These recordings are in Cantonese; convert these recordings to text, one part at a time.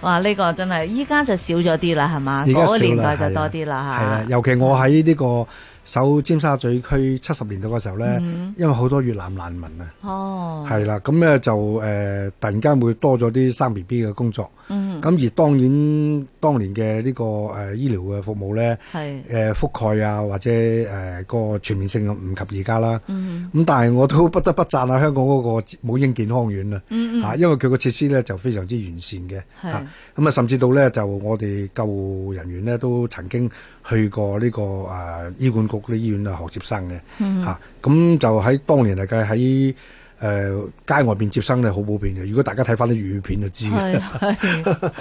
哇！呢、這個真係，依家就少咗啲啦，係嘛？嗰個年代就多啲啦嚇。係啊，啊，尤其我喺呢、這個。嗯。守尖沙咀區七十年代嘅時候咧，嗯、因為好多越南難民、哦、啊，係啦，咁咧就誒突然間會多咗啲生 BB 嘅工作，咁、嗯、而當然當年嘅呢、呢個誒、呃、醫療嘅服務咧，誒係、呃、覆蓋啊或者誒個、呃、全面性唔及而家啦，咁、嗯、但係我都不得不讚下、啊、香港嗰個母嬰健康院啊，嚇、嗯啊，因為佢個設施咧就非常之完善嘅，咁啊，啊甚至到咧就我哋救護人員咧都曾經。去過呢、這個誒、啊、醫管局啲醫院啊學接生嘅嚇，咁、嗯啊、就喺當年嚟計喺誒街外邊接生咧好普遍嘅。如果大家睇翻啲粵語片就知嘅。係係是 啊！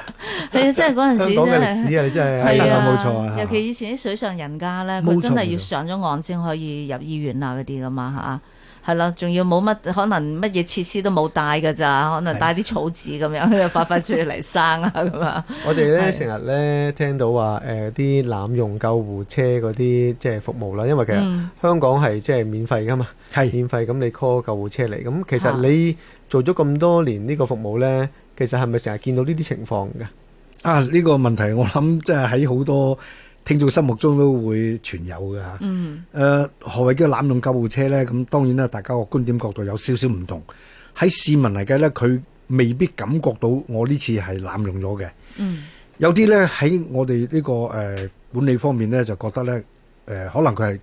你真係嗰陣時真係，香港嘅歷史啊！真係係啊，冇、哎、錯啊！尤其以前啲水上人家咧，佢錯真係要上咗岸先可以入醫院啊嗰啲㗎嘛嚇。啊係啦，仲要冇乜可能乜嘢設施都冇帶㗎咋，可能帶啲草紙咁樣，係啊，發發出嚟生啊咁啊！我哋咧成日咧聽到話誒啲濫用救護車嗰啲即係服務啦，因為其實香港係即係免費噶嘛，係、嗯、免費咁你 call 救護車嚟，係啊，咁其實你做咗咁多年呢個服務咧，其實係咪成日見到呢啲情況嘅？啊，呢個問題我諗即係喺好多。聽眾心目中都會存有嘅嚇。誒、mm hmm. 呃，何為叫濫用救護車咧？咁當然啦，大家個觀點角度有少少唔同。喺市民嚟計咧，佢未必感覺到我呢次係濫用咗嘅。Mm hmm. 有啲咧喺我哋呢、呢個誒、呃、管理方面咧，就覺得咧誒、呃，可能佢係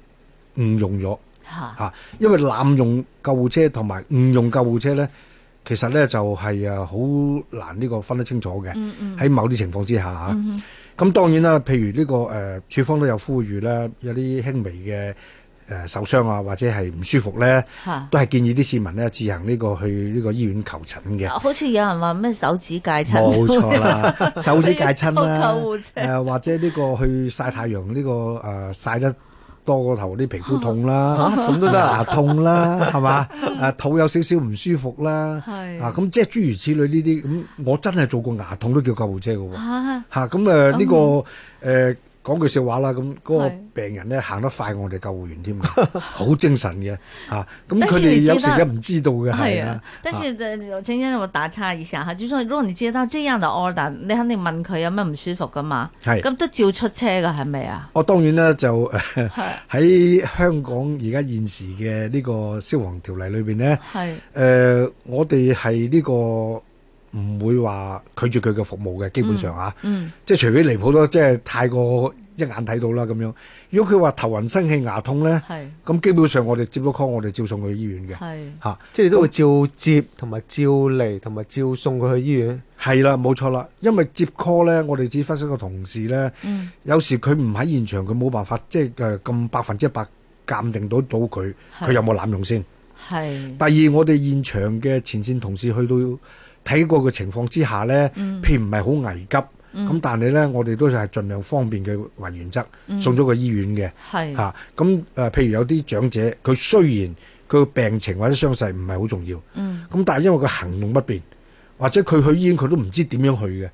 誤用咗嚇。Ha. 因為濫用救護車同埋誤用救護車咧，其實咧就係啊好難呢個分得清楚嘅。喺、mm hmm. 某啲情況之下嚇。Mm hmm. 咁當然啦，譬如呢、這個誒、呃、處方都有呼籲啦，有啲輕微嘅誒、呃、受傷啊，或者係唔舒服咧，都係建議啲市民咧自行呢、這個去呢個醫院求診嘅、啊。好似有人話咩手指戒親，冇錯啦， 手指戒親啦、 呃，或者呢個去曬太陽呢、這個誒、呃、曬得多過頭啲皮膚痛啦，咁都得牙痛啦，係嘛？ 誒、啊，肚有少少唔舒服啦，是啊，咁即係諸如此類呢啲，咁我真係做過牙痛都叫救護車㗎，吓咁誒呢個誒。呃講句笑話啦，咁嗰個病人咧行是得快我哋救護員添，好精神嘅，吓，咁佢哋有時就唔知道嘅係啊。但係，誒，正因我打岔一下吓，就說如果你接到這樣的 order，你肯定問佢有咩唔舒服噶嘛。係是。咁都照出車噶，係咪啊？哦，當然啦，就喺、呃、是香港而家現時嘅呢個消防條例裏邊咧，誒是、呃，我哋係呢個。唔會話拒絕佢嘅服務嘅，基本上吓，即係除非離譜都即係太過一眼睇到啦咁樣。如果佢話頭暈、身氣、牙痛咧，咁基本上我哋接咗 call，我哋照送去醫院嘅，吓，即係都會照接同埋照嚟，同埋照送佢去醫院。係啦，冇錯啦，因為接 call 咧，我哋只分析個同事咧，有時佢唔喺現場，佢冇辦法，即係誒咁百分之一百鑑定到到佢，佢有冇濫用先。係。第二，我哋現場嘅前線同事去到。睇過嘅情況之下咧，並唔係好危急，咁、嗯、但係咧，我哋都係盡量方便佢為原則，嗯、送咗個醫院嘅，嚇是，咁誒、啊，譬如有啲長者，佢雖然佢嘅病情或者傷勢唔係好重要，咁、嗯、但係因為佢行動不便。或者佢去醫院佢都唔知點樣去嘅，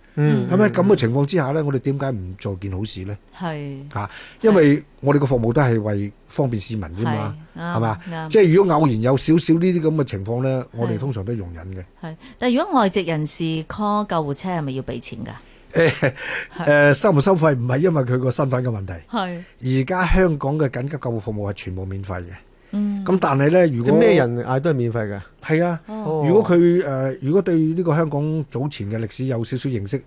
咁喺咁嘅情況之下呢，我哋點解唔做件好事呢？係吓是、啊，因為我哋個服務都係為方便市民啫嘛，係嘛？即係如果偶然有少少呢啲咁嘅情況呢，我哋通常都容忍嘅。係，但係如果外籍人士 call 救護車係咪要俾錢噶？誒誒、欸呃，收唔收費唔係因為佢個身份嘅問題。係而家香港嘅緊急救護服務係全部免費嘅。咁、嗯、但係咧，如果咩人嗌都係免費嘅，係啊。Oh. 如果佢誒、呃，如果對呢個香港早前嘅歷史有少少認識，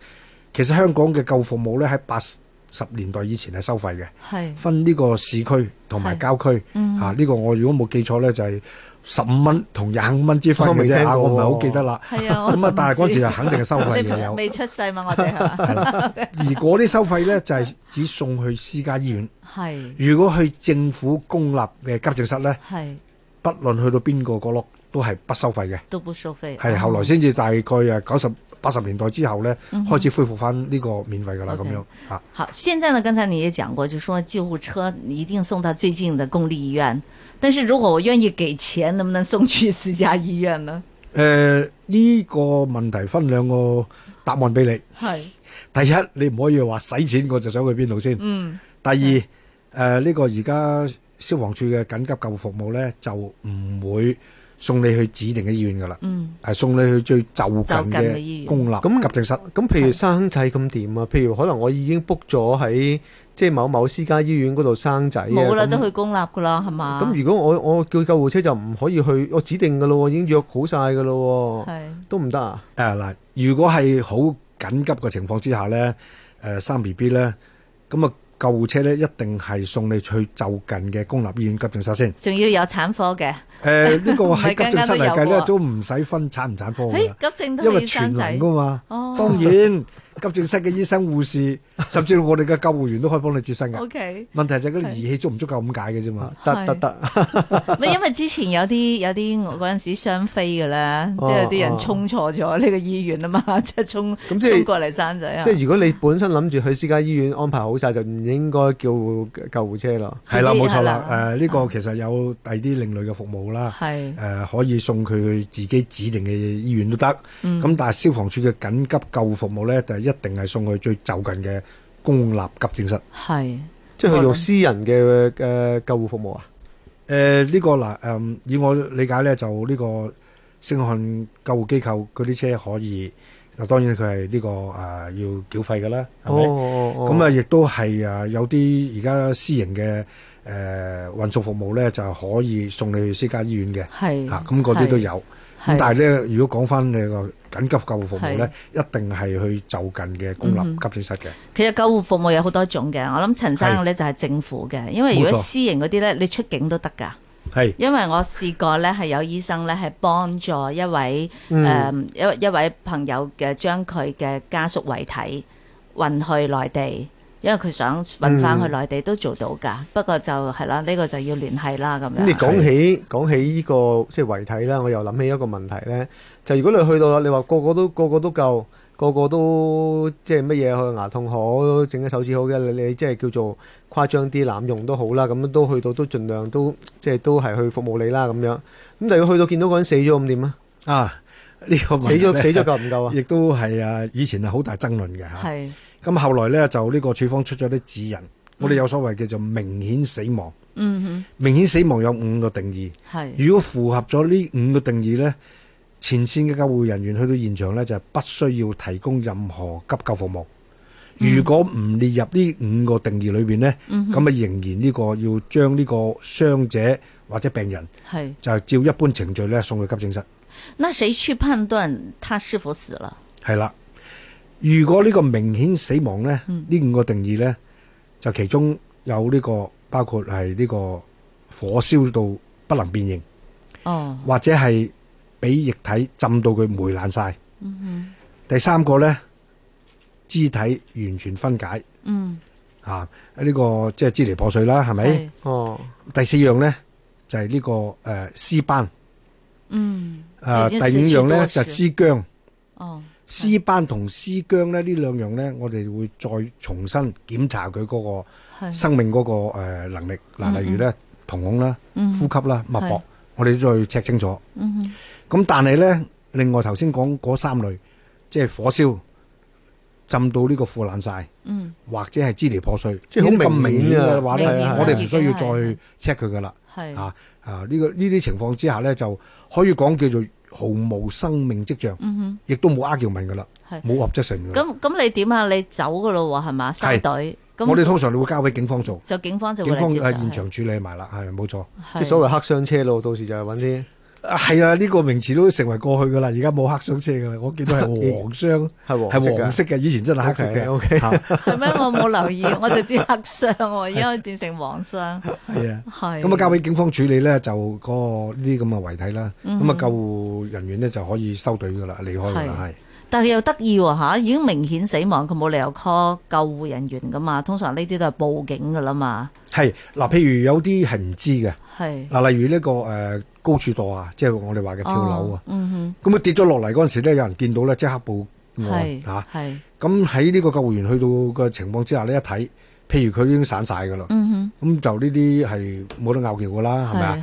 其實香港嘅舊服務咧喺八十年代以前係收費嘅，係是分呢個市區同埋郊區，吓呢是、啊這個我如果冇記錯咧就係、是。十五蚊同廿五蚊之分嘅啫，我唔係好記得啦。係啊，咁啊，但係嗰陣時就肯定係收費嘅，有未 出世嘛？我哋係嘛？係啦。而啲收費咧就係、是、只送去私家醫院。係是。如果去政府公立嘅急症室咧，係是，不論去到邊個角落都係不收費嘅。都不收費。係後來先至大概誒九十。八十年代之後呢，嗯、哼開始恢復翻呢個免費噶啦，咁樣嚇。好，現在呢？剛才你也講過，就係說救護車一定送到最近的公立醫院。但是如果我願意給錢，能不能送去私家醫院呢？誒、呃，呢、呢個問題分兩個答案俾你。係是第一，你唔可以話使錢我就想去邊度先。嗯。第二，誒呢、嗯呃呢個而家消防處嘅緊急救護服務呢，就唔會。送你去指定嘅醫院噶啦，係、嗯、送你去最就近嘅醫院。公立咁急症室。咁譬如生仔咁掂啊？是譬如可能我已經 book 咗喺即係某某私家醫院嗰度生仔啊，冇啦都去公立噶啦，係嘛那？咁那如果我我叫救護車就唔可以去？我指定噶咯，已經約好晒噶咯，係是都唔得啊？但誒嗱，如果係好緊急嘅情況之下咧，誒、呃、生 B B 咧，咁、嗯、啊～、嗯救護車咧一定係送你去就近嘅公立醫院急症室先，仲要有產科嘅。誒、呃，呢、這個喺急症室嚟計咧都唔使分產唔產科嘅，欸、急症因為全能噶嘛，哦、當然。 急症室嘅醫生、護士，甚至我哋嘅救護員都可以幫你接生嘅。問題就係嗰啲儀器足唔足夠咁解嘅啫嘛？得得得。唔係因為之前有啲有啲嗰陣時雙非嘅啦，即係有啲人衝錯咗呢個醫院啊嘛，即係衝。咁即係過嚟生仔啊！即係如果你本身諗住去私家醫院安排好晒，就唔應該叫救護車咯。係啦，冇錯啦。誒，呢個其實有第二啲另類嘅服務啦。係。誒，可以送佢去自己指定嘅醫院都得。咁但係消防處嘅緊急救護服務咧，就係一定係送去最就近嘅公立急症室，係是即係用私人嘅嘅救護服務啊？誒、嗯、呢、呃這個嗱，誒、呃，以我理解咧，就呢個聖約翰救護機構嗰啲車可以。嗱，當然佢係呢個誒、呃、要繳費㗎啦，係咪？咁啊，亦都係啊，有啲而家私營嘅誒運送服務咧，就可以送你去私家醫院嘅，吓是，咁嗰啲都有。咁是、嗯、但係咧，如果講翻你個。緊急救護服務咧，是一定係去就近嘅公立急症室嘅、嗯。其實救護服務有好多種嘅，我諗陳生嘅咧就係政府嘅。是因為如果私營嗰啲咧，錯你出境都得㗎。係是，因為我試過咧係有醫生咧係幫助一位誒一、嗯呃、一位朋友嘅將佢嘅家屬遺體運去內地，因為佢想揾翻去內地都做到噶，嗯、不過就係啦，呢、呢個就要聯繫啦咁樣你。你講是的 起講起呢個即係遺體啦，我又諗起一個問題咧，就如果你去到啦，你話個個都個個都夠，個個都、個個都即係乜嘢去牙痛好，整緊手指好嘅，你你即係叫做誇張啲、濫用都好啦，咁都去到都盡量都即係都係去服務你啦咁樣。咁但係去到見到嗰人死咗，咁點啊？這個、夠夠啊，呢個死咗死咗夠唔夠啊？亦都係啊，以前係好大爭論嘅吓。咁後來呢，就呢個處方出咗啲指引，我哋有所謂叫做明顯死亡，嗯、哼明顯死亡有五個定義。係是如果符合咗呢五個定義呢，前線嘅救護人員去到現場呢，就係、是、不需要提供任何急救服務。如果唔列入呢五個定義裏邊呢，咁啊、嗯、哼仍然呢個要將呢個傷者或者病人，是就照一般程序咧送去急症室。那誰去判斷他是否死了？係啦。如果呢個明顯死亡咧，呢五個定義咧，就其中有呢、這個包括係呢個火燒到不能辨認，哦，或者係俾液體浸到佢霉爛晒，嗯哼，第三個咧，肢體完全分解，嗯，啊，呢、這個即係支離破碎啦，係咪？是哦，第四樣咧就係、是、呢、這個誒屍、呃、斑，嗯，啊、呃，第五樣咧就屍、是、僵、嗯，哦。屍斑同屍僵咧，呢兩樣咧，我哋會再重新檢查佢嗰個生命嗰個誒能力。嗱，例如咧瞳孔啦、呼吸啦、脈搏，我哋都再 check 清楚。咁但係咧，另外頭先講嗰三類，即係火燒浸到呢個腐爛晒，或者係支離破碎，即係好咁明顯嘅話咧，我哋唔需要再 check 佢噶啦。啊啊，呢個呢啲情況之下咧，就可以講叫做。毫無生命跡象，嗯、哼亦都冇嘰叫問噶啦，冇是合質性嘅。咁咁你點啊？你走噶咯喎，係嘛？收隊是。那我哋通常會交俾警方做。就警方就會警方係現場處理埋啦，係冇錯。錯是即所謂黑箱車路，到時就係搵啲。係啊，呢個名詞都成為過去噶啦，而家冇黑箱車噶啦。我見到係黃箱，係黃係黃色嘅，以前真係黑色嘅。OK，係咩？我冇留意，我就知黑箱，而家變成黃箱。係啊，係咁啊，交俾警方處理咧，就個呢啲咁嘅遺體啦。咁啊，救護人員呢就可以收隊噶啦，離開噶啦，係。但係佢又得意喎吓，已經明顯死亡，佢冇理由 call 救護人員噶嘛。通常呢啲都係報警噶啦嘛。係嗱，譬如有啲係唔知嘅，係嗱，例如呢個誒。高處墮啊！即係我哋話嘅跳樓啊！咁啊跌咗落嚟嗰陣時咧，有人見到咧，即刻報案嚇。咁喺呢個救護員去到嘅情況之下呢，一睇，譬如佢已經散晒噶啦。咁就呢啲係冇得拗撬噶啦，係咪啊？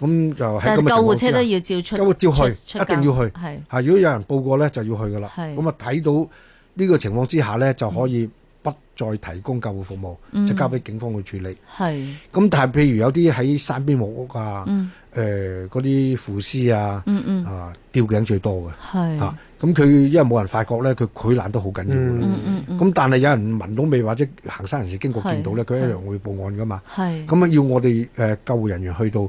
咁就喺救護車都要照出，咁啊照去，一定要去。係，如果有人報過咧，就要去噶啦。咁啊睇到呢個情況之下咧，就可以。再提供救護服務，就交俾警方去處理。係，咁但係，譬如有啲喺山邊木屋啊，誒嗰啲腐屍啊，啊吊頸最多嘅，嚇，咁佢因為冇人發覺咧，佢佢攔都好緊要。咁但係有人聞到未，或者行山人士經過見到咧，佢一樣會報案噶嘛。咁啊，要我哋誒救護人員去到。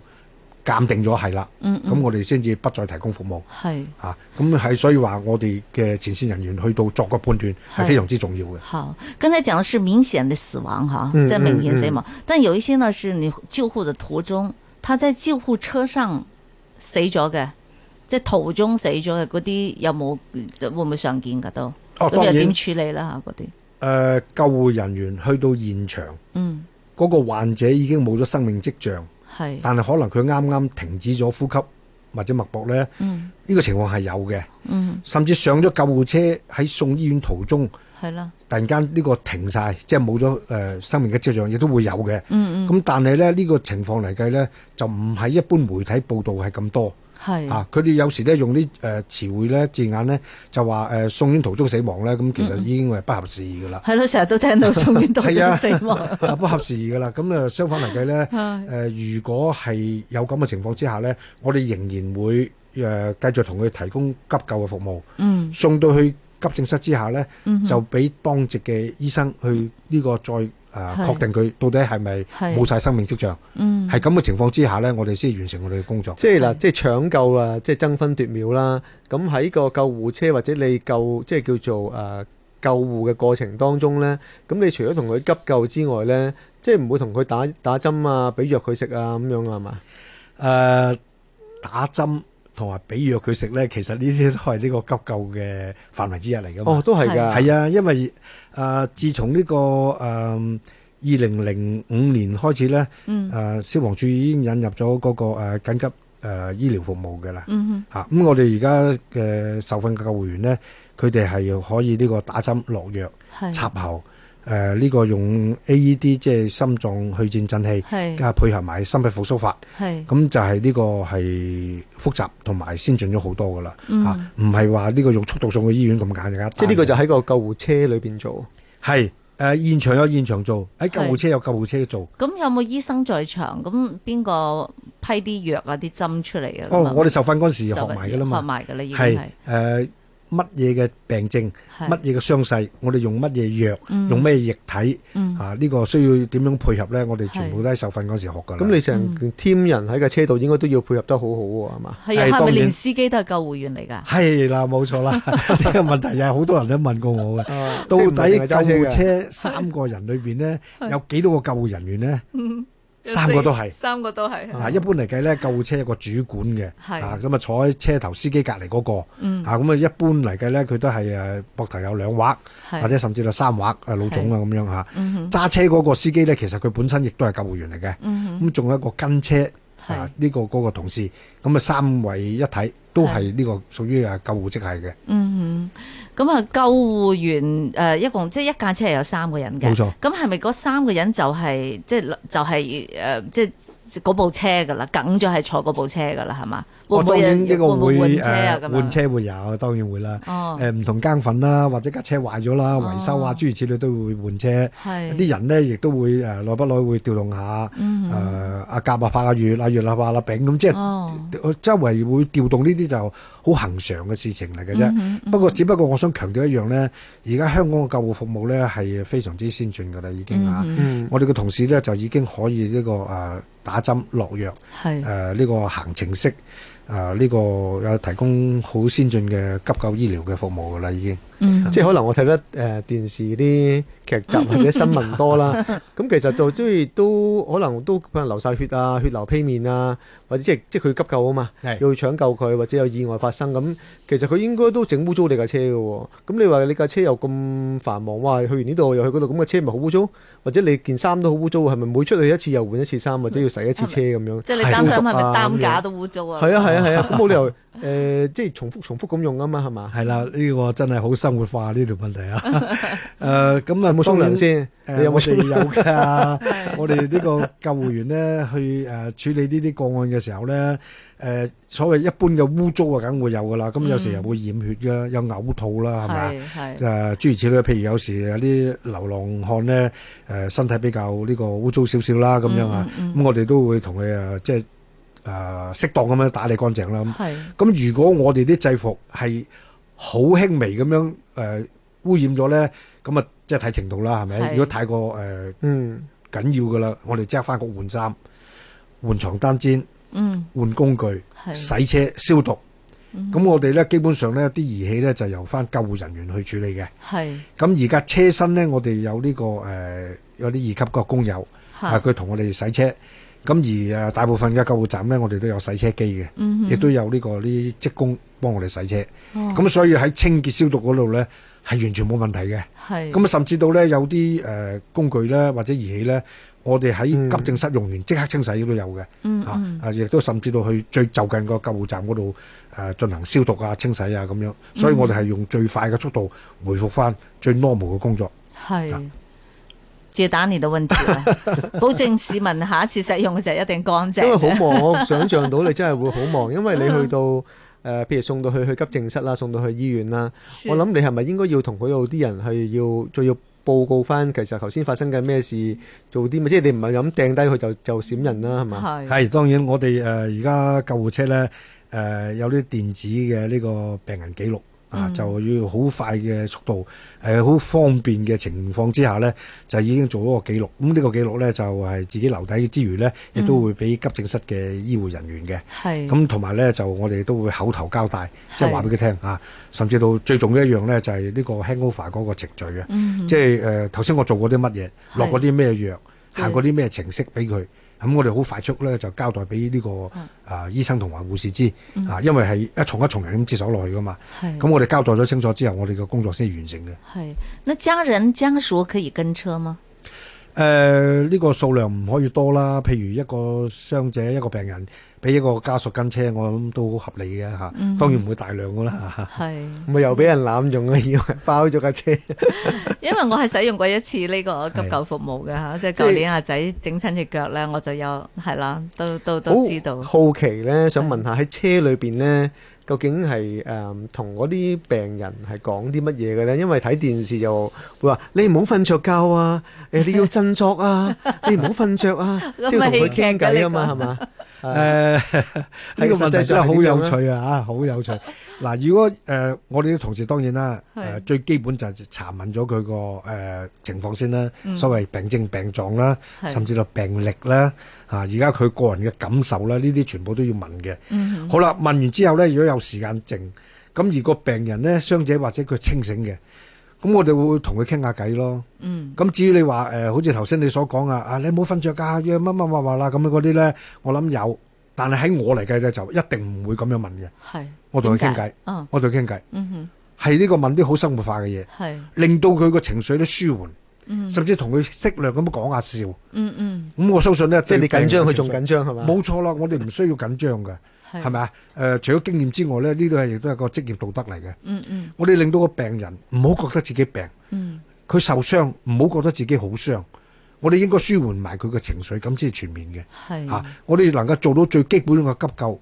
鑒定咗係啦，咁、嗯嗯，我哋先至不再提供服務。係吓是，咁係、啊、所以話我哋嘅前線人員去到作個判斷係非常之重要嘅。好，剛才講嘅是明顯的死亡，嗯嗯嗯即係明顯死亡，嗯嗯但有一些呢，是你救護嘅途中，他在救護車上死咗嘅，即係途中死咗嘅嗰啲，有冇會唔會常見噶？都咁又點處理啦？吓嗰啲？誒、呃，救護人員去到現場，嗯，嗰個患者已經冇咗生命跡象。是但係可能佢啱啱停止咗呼吸或者脈搏咧，呢、嗯、呢個情況係有嘅，嗯、甚至上咗救護車喺送醫院途中，的突然間呢個停晒，即係冇咗誒生命嘅跡象，亦都會有嘅。咁、嗯嗯、但係咧呢、呢個情況嚟計呢，就唔係一般媒體報道係咁多。係啊！佢哋有時咧用啲誒詞彙咧字眼咧，就話誒送院途中死亡咧，咁其實已經係不合時宜噶啦。係咯，成日都聽到送院途中死亡，啊不合時宜噶啦。咁啊，相反嚟計咧，誒如果係有咁嘅情況之下咧，我哋仍然會誒繼續同佢提供急救嘅服務。嗯，送到去急症室之下咧，就俾當值嘅醫生去呢個再。誒，確定佢到底係咪冇晒生命跡象？係咁嘅情況之下呢，我哋先完成我哋嘅工作。即係嗱，即係搶救啊，即係爭分奪秒啦。咁喺個救護車或者你救，即係叫做誒救護嘅過程當中呢，咁你除咗同佢急救之外呢，即係唔會同佢打打針啊，俾藥佢食啊，咁樣係嘛？誒，打針。同埋俾藥佢食咧，其實呢啲都係呢個急救嘅範圍之一嚟噶嘛。哦，都係㗎，係啊，因為啊，自從呢個誒二零零五年開始咧，誒消防處已經引入咗嗰個誒緊急誒醫療服務嘅啦。嗯哼，吓，咁我哋而家嘅受訓救護員咧，佢哋係要可以呢個打針、落藥、插喉。誒，呢個用 AED 即係心臟去顫震器，加配合埋心肺復蘇法，咁就係呢個係複雜同埋先進咗好多噶啦吓唔係話呢個用速度送去醫院咁簡單。即係呢個就喺個救護車裏邊做，係誒現場有現場做，喺救護車有救護車做。咁有冇醫生在場？咁邊個批啲藥啊？啲針出嚟啊？哦，我哋受訓嗰時學埋噶啦嘛學埋噶啦已經係誒。乜嘢嘅病症，乜嘢嘅傷勢，我哋用乜嘢藥，用咩液體，啊呢個需要點樣配合咧？我哋全部都喺受訓嗰時學噶。咁你成 team 人喺個車度，應該都要配合得好好喎，係嘛？係啊，係咪連司機都係救護員嚟噶？係啦，冇錯啦，呢個問題又係好多人都問過我嘅。到底救護車三個人裏邊呢，有幾多個救護人員呢？三個都係，三個都係。啊，一般嚟計呢，救護車有一個主管嘅，啊咁啊坐喺車頭司機隔籬嗰個，啊咁啊一般嚟計呢，佢都係誒膊頭有兩畫，或者甚至到三畫誒老總啊咁樣吓。揸車嗰個司機呢，其實佢本身亦都係救護員嚟嘅。咁仲有一個跟車啊，呢個嗰個同事，咁啊三位一體都係呢個屬於誒救護職系嘅。嗯哼。咁啊，救護員誒、呃，一共即係一架車有三個人嘅，冇錯。咁係咪嗰三個人就係即係就係誒，即係、就係。呃即嗰部車噶啦，梗就係坐嗰部車噶啦，係嘛？我當然呢個會誒換車會有，當然會啦。哦，誒唔同更份啦，或者架車壞咗啦，維修啊諸如此類都會換車。係啲人呢，亦都會誒耐不耐會調動下。誒，阿甲啊，拍阿乙啊，乙啦拍阿丙咁，即係周圍會調動呢啲就好恒常嘅事情嚟嘅啫。不過只不過我想強調一樣呢，而家香港嘅救護服務呢，係非常之先進噶啦，已經啊，我哋嘅同事呢，就已經可以呢個誒。打針落藥，誒呢是、呃呢個行程式，誒、呃、呢、呢個有提供好先進嘅急救醫療嘅服務㗎啦，已經。即係可能我睇得誒電視啲劇集或者新聞多啦，咁其實就即係都可能都可能流晒血啊，血流披面啊，或者即係即係佢急救啊嘛，要去搶救佢或者有意外發生咁，其實佢應該都整污糟你架車噶，咁你話你架車又咁繁忙，哇去完呢度又去嗰度，咁嘅車咪好污糟，或者你件衫都好污糟，係咪每出去一次又換一次衫，或者要洗一次車咁樣？即係你擔心係咪擔架都污糟啊？係啊係啊係啊，咁冇理由誒即係重複重複咁用啊嘛係嘛？係啦呢個真係好心。生活化呢條問題啊？誒，咁啊，冇沖涼先。有冇地有噶？我哋呢個救護員咧，去誒處理呢啲個案嘅時候咧，誒，所謂一般嘅污糟啊，梗會有噶啦。咁有時又會染血噶，有嘔吐啦，係咪？係誒，諸如此類。譬如有時有啲流浪漢咧，誒，身體比較呢個污糟少少啦，咁樣啊。咁我哋都會同佢誒，即係誒，適當咁樣打理乾淨啦。咁，咁如果我哋啲制服係。好輕微咁樣誒污染咗呢，咁啊，即係睇程度啦，係咪？如果太過誒緊要㗎啦，我哋即刻返屋換衫、換床單、氈、換工具、洗車、消毒。咁我哋呢基本上呢啲儀器呢就由返救護人員去處理嘅。係。咁而家車身呢，我哋有呢個誒有啲二級嘅工友，係啊，佢同我哋洗車。咁而誒大部分嘅救護站呢，我哋都有洗車機嘅，亦都有呢個啲職工。幫我哋洗車，咁、哦啊、所以喺清潔消毒嗰度呢，係完全冇問題嘅。係咁是啊，甚至到呢，有啲誒、呃、工具呢，或者儀器呢，我哋喺急症室用完即、嗯、刻清洗都有嘅、嗯嗯啊。啊，亦都甚至到去最就近個救護站嗰度誒進行消毒啊、清洗啊咁樣。所以我哋係用最快嘅速度回復翻最 normal 嘅工作。係借打你嘅問題，保證市民下一次使用嘅時候一定乾淨。因為好忙，我想象到你真係會好忙，因為你去到。誒、呃，譬如送到去去急症室啦，送到去醫院啦，是我諗你係咪應該要同嗰度啲人去要，再要報告翻，其實頭先發生嘅咩事，做啲咩，即係你唔係咁掟低佢就就閃人啦，係嘛？係是，當然我哋誒而家救護車咧，誒、呃、有啲電子嘅呢個病人記錄。啊，就要好快嘅速度，誒、呃，好方便嘅情況之下咧，就已經做咗個記錄。咁、嗯、呢、這個記錄咧，就係、是、自己留底之餘咧，亦都會俾急症室嘅醫護人員嘅。係、嗯。咁同埋咧，就我哋都會口頭交代，是即係話俾佢聽啊。甚至到最重要一樣咧，就係、是、呢個 handover 嗰個程序嘅。嗯嗯、即係誒，頭、呃、先我做過啲乜嘢，落過啲咩藥，行過啲咩程式俾佢。咁我哋好快速咧，就交代俾呢、這個啊、呃、醫生同埋護士知，嗯、啊，因為係一重一重人咁接手落去噶嘛。咁是我哋交代咗清楚之後，我哋嘅工作先完成嘅。係，那家人家屬可以跟車嗎？誒、呃、呢、這個數量唔可以多啦。譬如一個傷者，一個病人。俾一個家屬跟車，我諗都好合理嘅嚇、啊，當然唔會大量噶啦嚇，咪又俾人濫用啊！要包咗架車，因為， 因為我係使用過一次呢個急救服務嘅嚇是、啊，即係舊年阿仔整親隻腳咧，我就有係啦，都都都知道。好，好奇咧，想問下喺是車裏邊咧。究竟係誒同嗰啲病人係講啲乜嘢嘅咧？因為睇電視又會話你唔好瞓著覺啊！誒，你要振作啊！你唔好瞓著啊！即係同佢傾偈啊嘛，係嘛？誒，呢個問題真係好有趣啊！吓，好有趣。嗱，如果誒我哋啲同事當然啦，誒最基本就係查問咗佢個誒情況先啦，所謂病症、病狀啦，甚至到病歷啦。啊！而家佢個人嘅感受啦，呢啲全部都要問嘅。嗯、哼好啦，問完之後咧，如果有時間靜，咁而個病人咧、傷者或者佢清醒嘅，咁我哋會同佢傾下偈咯。咁、嗯、至於你話誒、呃，好似頭先你所講啊，啊你冇瞓著㗎，乜乜話話啦咁樣嗰啲咧，我諗有，但係喺我嚟計咧就一定唔會咁樣問嘅。係是，我同佢傾偈，嗯、哼我同佢傾偈，係呢、嗯、哼個問啲好生活化嘅嘢，是是令到佢個情緒都舒緩。甚至同佢適量咁講下笑，嗯嗯，咁、嗯、我相信咧，即係你緊張佢仲緊張係嘛？冇錯啦，我哋唔需要緊張嘅，係咪啊？誒、呃，除咗經驗之外咧，呢個係亦都係個職業道德嚟嘅、嗯。嗯嗯，我哋令到個病人唔好覺得自己病，嗯，佢受傷唔好覺得自己好傷，我哋應該舒緩埋佢嘅情緒，咁先係全面嘅。係是，吓、啊，我哋能夠做到最基本嘅急救。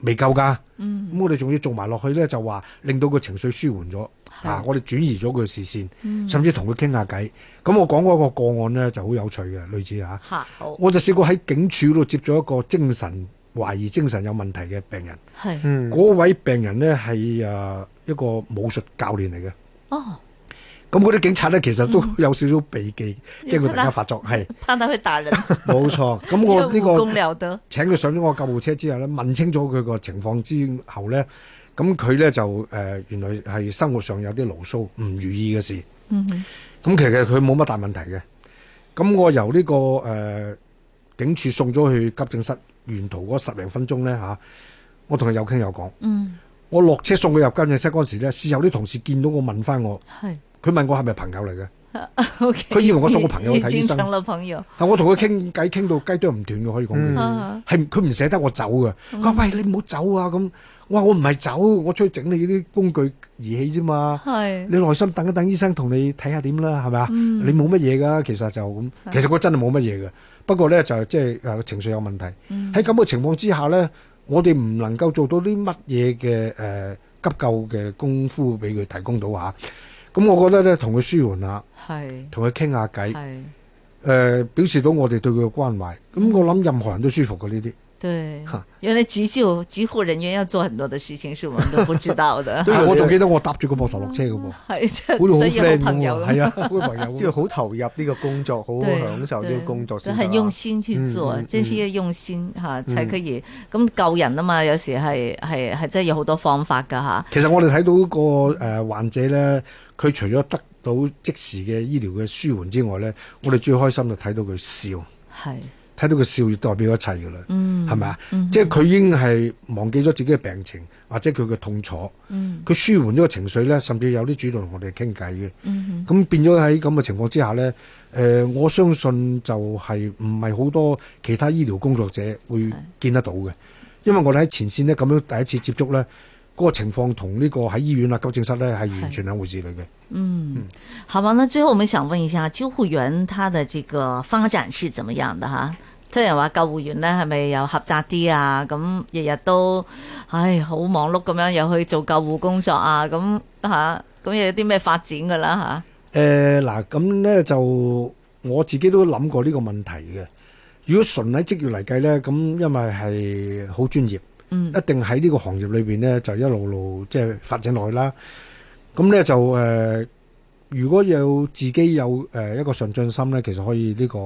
未夠噶，咁、嗯、我哋仲要做埋落去咧，就話令到個情緒舒緩咗，的啊，我哋轉移咗佢視線，嗯、甚至同佢傾下偈。咁我講嗰個個案咧就好有趣嘅，類似吓，我就試過喺警署度接咗一個精神懷疑精神有問題嘅病人，嗰的、嗯、位病人呢，係誒、啊、一個武術教練嚟嘅。哦。咁嗰啲警察咧，其實都有少少避忌，驚佢突然間發作，係怕去他打人。冇是 錯，咁我呢、這個請佢上咗我救護車之後咧，問清楚佢個情況之後咧，咁佢咧就誒、呃、原來係生活上有啲牢騷，唔如意嘅事。嗯咁哼其實佢冇乜大問題嘅。咁我由呢、這個誒、呃、警署送咗去急症室，沿途嗰十零分鐘咧嚇、啊，我同佢有傾有講。嗯，我落車送佢入急症室嗰時咧，事後啲同事見到我問翻我係。佢問我係咪朋友嚟嘅？佢 Okay, 以為我送個朋友去睇醫生。係我同佢傾偈傾到雞啄唔斷嘅，可以講係佢唔捨得我走嘅。佢話、嗯：喂，你唔好走啊！咁我話：我唔係走，我出去整你啲工具儀器啫嘛。是你耐心等一等，醫生同你睇下點啦，係咪啊？嗯、你冇乜嘢㗎，其實就咁。其實我真係冇乜嘢嘅，不過咧就即係誒情緒有問題。喺咁嘅情況之下咧，我哋唔能夠做到啲乜嘢嘅誒急救嘅功夫俾佢提供到嚇。啊咁我覺得咧，同佢舒緩下，同佢傾下偈，誒，表示到我哋對佢嘅關懷。咁我諗任何人都舒服嘅呢啲。對，原來急救醫護人員要做很多嘅事情，是我們都不知道的。我仲記得我搭住個摩托落車嘅喎，好朋友係啊，好朋友都要好投入呢個工作，好享受呢個工作先。即係用心去做，即係要用心吓才可以。咁救人啊嘛，有時係係係真係有好多方法噶吓。其實我哋睇到個誒患者咧。佢除咗得到即時嘅醫療嘅舒緩之外呢，我哋最開心就睇到佢笑，係睇是到佢笑，亦代表一切噶啦，嗯，係咪啊？嗯、哼即係佢已經係忘記咗自己嘅病情，或者佢嘅痛楚，佢、嗯、舒緩咗個情緒呢，甚至有啲主動同我哋傾偈嘅，嗯哼，咁變咗喺咁嘅情況之下呢誒、呃，我相信就係唔係好多其他醫療工作者會見得到嘅，是因為我哋喺前線呢，咁樣第一次接觸呢。呢呢嗰個情況同呢個喺醫院啊、急症室咧係完全兩回事嚟嘅。嗯，嗯好嘛，呢？最後我們想問一下救護員他的這個發展是怎麼樣的嚇？聽人話救護員呢係咪又狹窄啲啊？咁日日都唉好、哎、忙碌咁樣又去做救護工作啊？咁嚇咁又有啲咩發展㗎喇嚇？誒、啊、嗱，咁呢、呃、就我自己都諗過呢個問題嘅。如果純喺職業嚟計呢，咁因為係好專業。嗯，一定喺呢個行業裏邊呢，就一路路即係發展落去啦。咁呢，就誒，如果有自己有誒一個上進心呢，其實可以呢個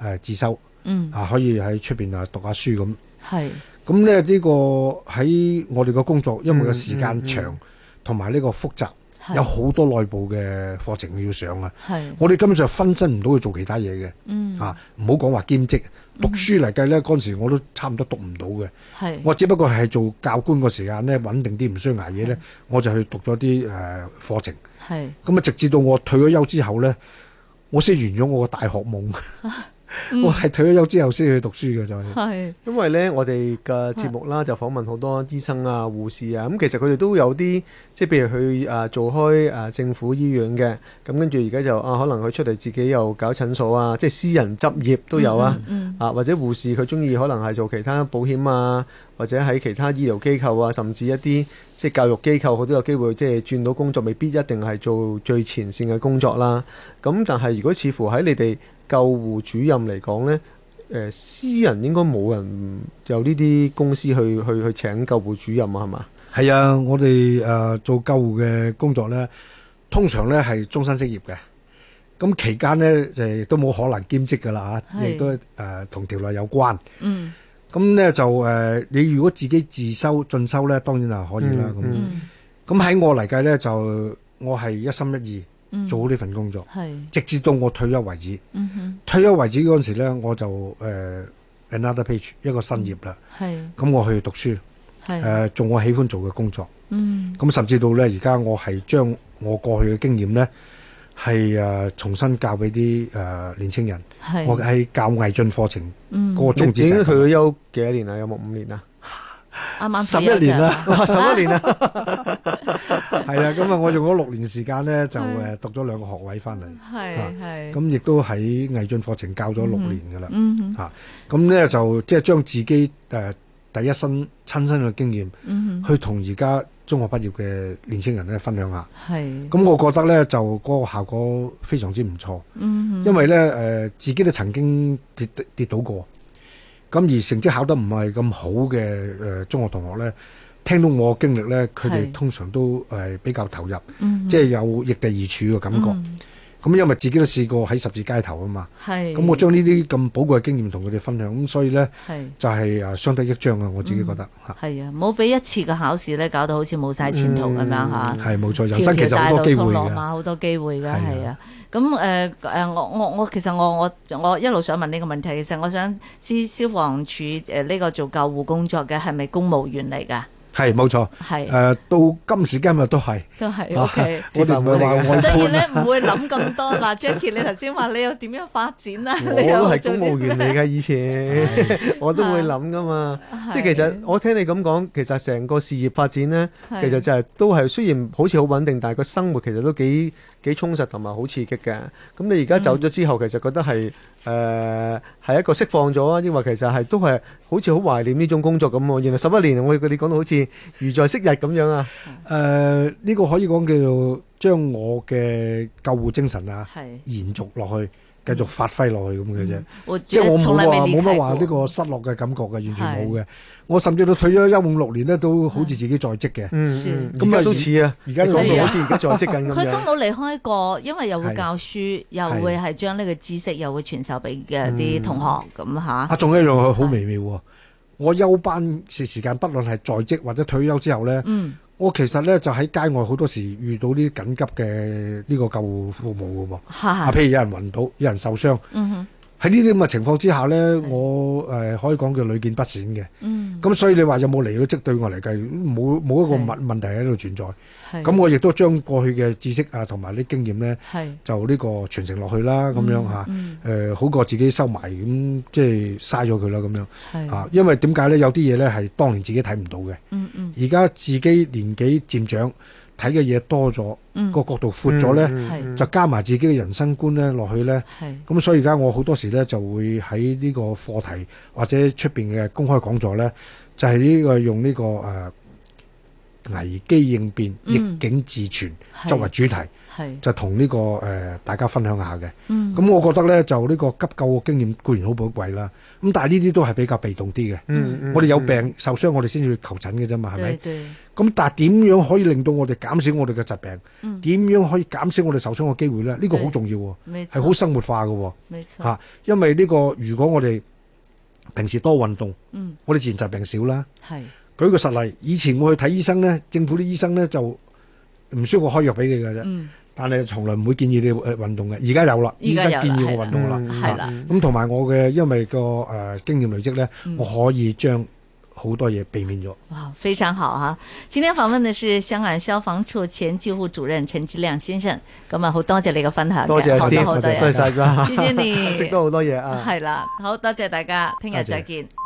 誒自修。嗯，啊可以喺出邊啊讀下書咁。係。咁呢呢個喺我哋嘅工作，因為個時間長，同埋呢個複雜，有好多內部嘅課程要上啊。係。我哋根本上分身唔到去做其他嘢嘅。嗯。啊，唔好講話兼職。讀書嚟計呢，嗰陣時我都差唔多讀唔到嘅。是我只不過係做教官個時間呢，穩定啲唔需要捱夜呢，是我就去讀咗啲誒課程。咁啊是、嗯，直至到我退咗休之後呢，我先完咗我個大學夢。 我係退咗休之後先去讀書嘅就係，是，因為咧我哋嘅節目啦，就訪問好多醫生啊、護士啊，咁其實佢哋都有啲，即係譬如去啊做開啊政府醫院嘅，咁跟住而家就啊可能佢出嚟自己又搞診所啊，即係私人執業都有啊，嗯嗯嗯啊或者護士佢中意可能係做其他保險啊。或者喺其他醫療機構啊，甚至一啲即係教育機構，佢都有機會即係轉到工作，未必一定係做最前線嘅工作啦。咁但係如果似乎喺你哋救護主任嚟講呢，誒、呃、私人應該冇人由呢啲公司去去去請救護主任啊，係嘛？係啊，我哋誒、呃、做救護嘅工作呢，通常呢係終身職業嘅。咁期間呢，誒都冇可能兼職噶啦嚇，亦都同條例有關。嗯。咁咧就誒、呃，你如果自己自修進修咧，當然就可以啦。咁，咁喺我嚟計咧，就我係一心一意做好呢份工作，嗯、直至到我退休為止。嗯、哼退休為止嗰陣時咧，我就誒、呃、another page 一個新頁啦。咁是我去讀書，誒是、呃、做我喜歡做嘅工作。咁、嗯嗯、甚至到咧，而家我係將我過去嘅經驗咧。係誒，重新教俾啲誒年青人。係我喺教毅進課程個中。已經退咗休幾多年啊？有冇五年啊？啱啱十一年啦，十一年啦。係啊，咁啊，我用咗六年時間咧，就誒讀咗兩個學位翻嚟。係係。咁亦都喺毅進課程教咗六年噶啦。嗯哼。吓，咁咧就即係將自己誒第一身親身嘅經驗，嗯哼，去同而家。中學畢業嘅年輕人咧，分享下。係是。咁、嗯、我覺得呢就嗰個效果非常之唔錯。嗯。因為呢誒、呃、自己都曾經跌跌跌倒過。咁、嗯、而成績考得唔係咁好嘅誒、呃、中學同學呢，聽到我經歷呢，佢哋通常都誒比較投入。是即係有易地而處嘅感覺。咁因為自己都試過喺十字街頭啊嘛，咁是、嗯、我將呢啲咁寶貴嘅經驗同佢哋分享，咁所以咧是就係誒相得益彰啊！我自己覺得吓係、嗯、啊，冇俾一次嘅考試咧搞到好似冇晒前途咁樣吓，係冇錯，人生、啊嗯、其實好多機會條條大路通羅馬機會，好多機會嘅係啊。咁誒誒，我我我其實我我我一路想問呢個問題，其實我想知消防處誒呢個做救護工作嘅係咪公務員嚟噶？係冇錯，係誒到今時今日都係，都係 OK。我唔會話我所以咧，唔會諗咁多。嗱，Jackie，你頭先話你又點樣發展啊？你都係公務員嚟嘅，以前我都會諗噶嘛。即係其實我聽你咁講，其實成個事業發展咧，其實就係都係雖然好似好穩定，但係個生活其實都幾。幾充實同埋好刺激嘅，咁你而家走咗之後，其實覺得係誒係一個釋放咗啊，抑或其實係都係好似好懷念呢種工作咁喎？原來十一年我，我你講到好似如在昔日咁樣啊，誒呢、嗯呃呢個可以講叫做將我嘅救護精神啊，的延續落去。繼續發揮落去咁嘅啫，即係我冇話冇乜話呢個失落嘅感覺嘅，完全冇嘅。我甚至到退咗休五六年呢，都好似自己在職嘅。嗯，咁啊都似啊，而家講到好似已經在職緊咁樣。佢都冇離開過，因為又會教書，又會係將呢個知識又會傳授俾嘅啲同學咁嚇。啊，仲有一樣係好微妙，我休班時時間不論係在職或者退休之後呢，嗯、我其實呢就喺街外好多時遇到啲緊急嘅呢個救護服務㗎嘛，啊，譬如有人暈倒，有人受傷。嗯哼喺呢啲咁嘅情況之下呢，我誒可以講叫屢見不鮮嘅。咁所以你話有冇離咗職？即對我嚟計冇冇一個問問題喺度存在。咁我亦都將過去嘅知識啊同埋啲經驗呢，就呢個傳承落去啦。咁樣嚇誒好過自己收埋咁即係嘥咗佢啦。咁樣啊，因為點解呢？有啲嘢呢係當年自己睇唔到嘅。而家自己年紀漸長。睇嘅嘢多咗，個、嗯、角度闊咗咧，嗯、就加埋自己嘅人生觀咧落去咧，咁、嗯、所以而家我好多時咧就會喺呢個課題或者出邊嘅公開講座咧，就係、是、呢個用呢、呢個誒、啊、危機應變逆境自存、嗯、作為主題。就同呢個誒大家分享下嘅，咁我覺得呢，就呢個急救嘅經驗固然好寶貴啦，咁但係呢啲都係比較被動啲嘅。我哋有病受傷，我哋先至去求診嘅啫嘛，係咪？咁但係點樣可以令到我哋減少我哋嘅疾病？點樣可以減少我哋受傷嘅機會呢？呢個好重要，係好生活化嘅嚇。因為呢個如果我哋平時多運動，我哋自然疾病少啦。舉個實例，以前我去睇醫生呢，政府啲醫生呢，就唔需要開藥俾你嘅啫。但係從來唔會建議你誒運動嘅，而家有啦，而家建議我運動啦，咁同埋我嘅因為個誒經驗累積咧，嗯、我可以將好多嘢避免咗。哇，非常好哈、啊！今天訪問嘅是香港消防處前救護主任陳志亮先生，咁啊好多謝你嘅分享，多到好多嘢謝，多，多謝曬，謝謝你，食到好多嘢啊，係啦，好多謝大家，聽日再見。